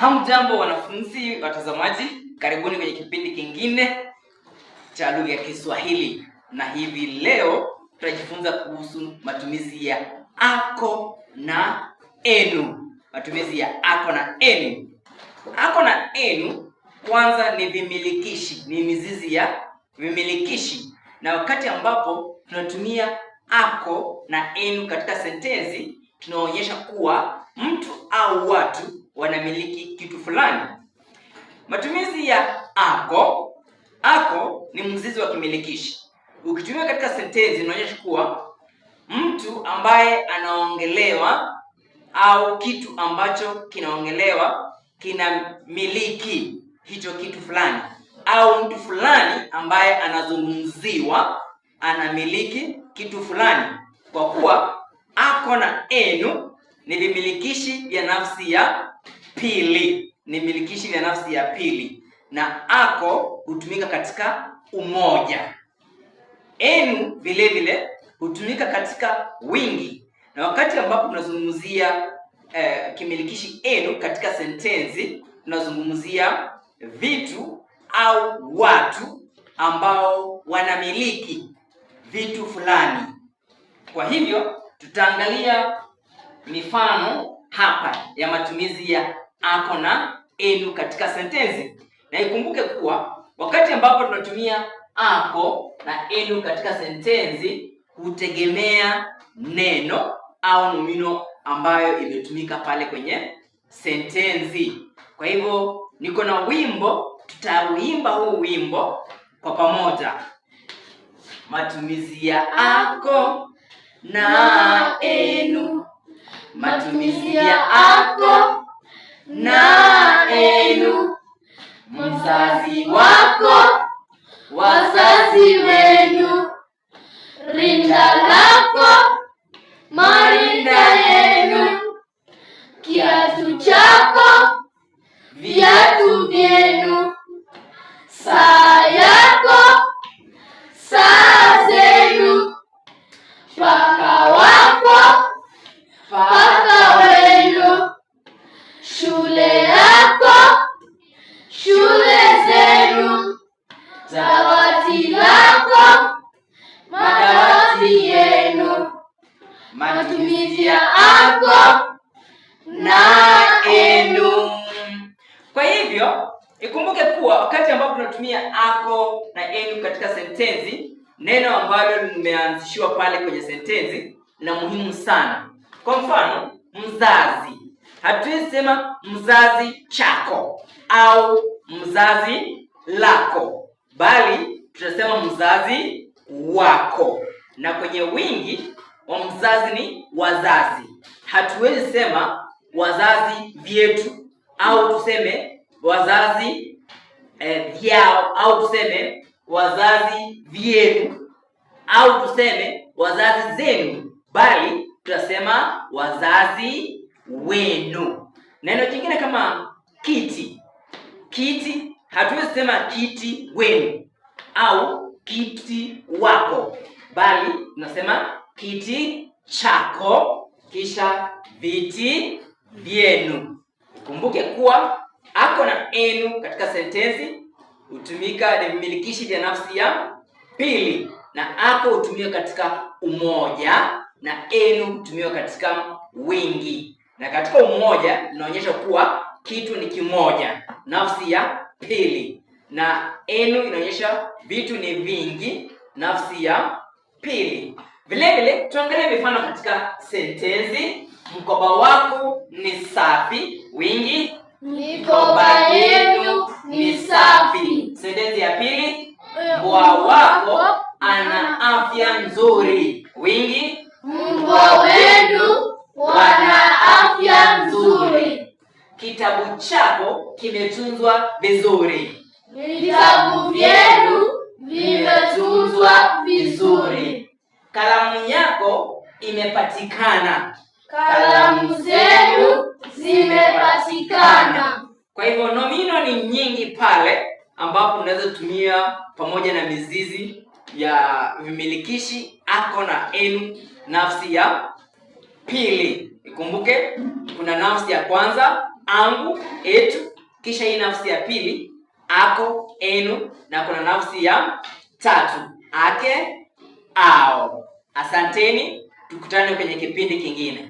Hamjambo wanafunzi, watazamaji, karibuni kwenye kipindi kingine cha lugha ya Kiswahili, na hivi leo tutajifunza kuhusu matumizi ya ako na enu. Matumizi ya ako na enu. Ako na enu kwanza ni vimilikishi, ni mizizi ya vimilikishi, na wakati ambapo tunatumia ako na enu katika sentensi, tunaonyesha kuwa mtu au watu wanamiliki kitu fulani. Matumizi ya ako. Ako ni mzizi wa kimilikishi, ukitumia katika sentensi inaonyesha kuwa mtu ambaye anaongelewa au kitu ambacho kinaongelewa kinamiliki hicho kitu fulani, au mtu fulani ambaye anazungumziwa anamiliki kitu fulani, kwa kuwa ako na enu ni vimilikishi vya nafsi ya pili, ni vimilikishi vya nafsi ya pili, na ako hutumika katika umoja, enu vile vile hutumika katika wingi. Na wakati ambapo tunazungumzia eh, kimilikishi enu katika sentensi, tunazungumzia vitu au watu ambao wanamiliki vitu fulani. Kwa hivyo tutaangalia mifano hapa ya matumizi ya ako na enu katika sentensi, na ikumbuke kuwa wakati ambapo tunatumia ako na enu katika sentensi hutegemea neno au nomino ambayo imetumika pale kwenye sentensi. Kwa hivyo niko na wimbo, tutauimba huu wimbo kwa pamoja. Matumizi ya ako na enu matumizi ya ako na madarasi yenu, matumizi ya ako na enu. Kwa hivyo ikumbuke kuwa wakati ambapo tunatumia ako na enu katika sentensi, neno ambalo limeanzishiwa pale kwenye sentensi na muhimu sana. Kwa mfano, mzazi, hatuwezi sema mzazi chako au mzazi lako, bali tutasema mzazi wako, na kwenye wingi wa mzazi ni wazazi. Hatuwezi sema wazazi vyetu au tuseme wazazi eh, vyao au tuseme wazazi vyenu au tuseme wazazi zenu, bali tutasema wazazi wenu. Neno jingine kama kiti, kiti, hatuwezi sema kiti wenu au kiti wako, bali nasema kiti chako, kisha viti vyenu. Kumbuke kuwa ako na enu katika sentensi hutumika ni vimilikishi vya nafsi ya pili, na ako hutumiwa katika umoja na enu hutumiwa katika wingi, na katika umoja inaonyesha kuwa kitu ni kimoja, nafsi ya pili, na enu inaonyesha vitu ni vingi, nafsi ya pili. Vile vile tuangalie mifano katika sentensi: mkoba wako ni safi. Wingi: mikoba yenu ni safi. Sentensi ya pili: eh, mbwa wako ana afya nzuri. Wingi: mbwa wenu wana afya nzuri. Kitabu chako kimetunzwa vizuri. Kitabu zimepatikana, kalamu zenu zimepatikana. Kwa hivyo nomino ni nyingi pale ambapo unaweza tumia pamoja na mizizi ya vimilikishi ako na enu, nafsi ya pili. Ikumbuke kuna nafsi ya kwanza angu, etu, kisha hii nafsi ya pili ako, enu, na kuna nafsi ya tatu ake, ao. Asanteni. Tukutane kwenye kipindi kingine.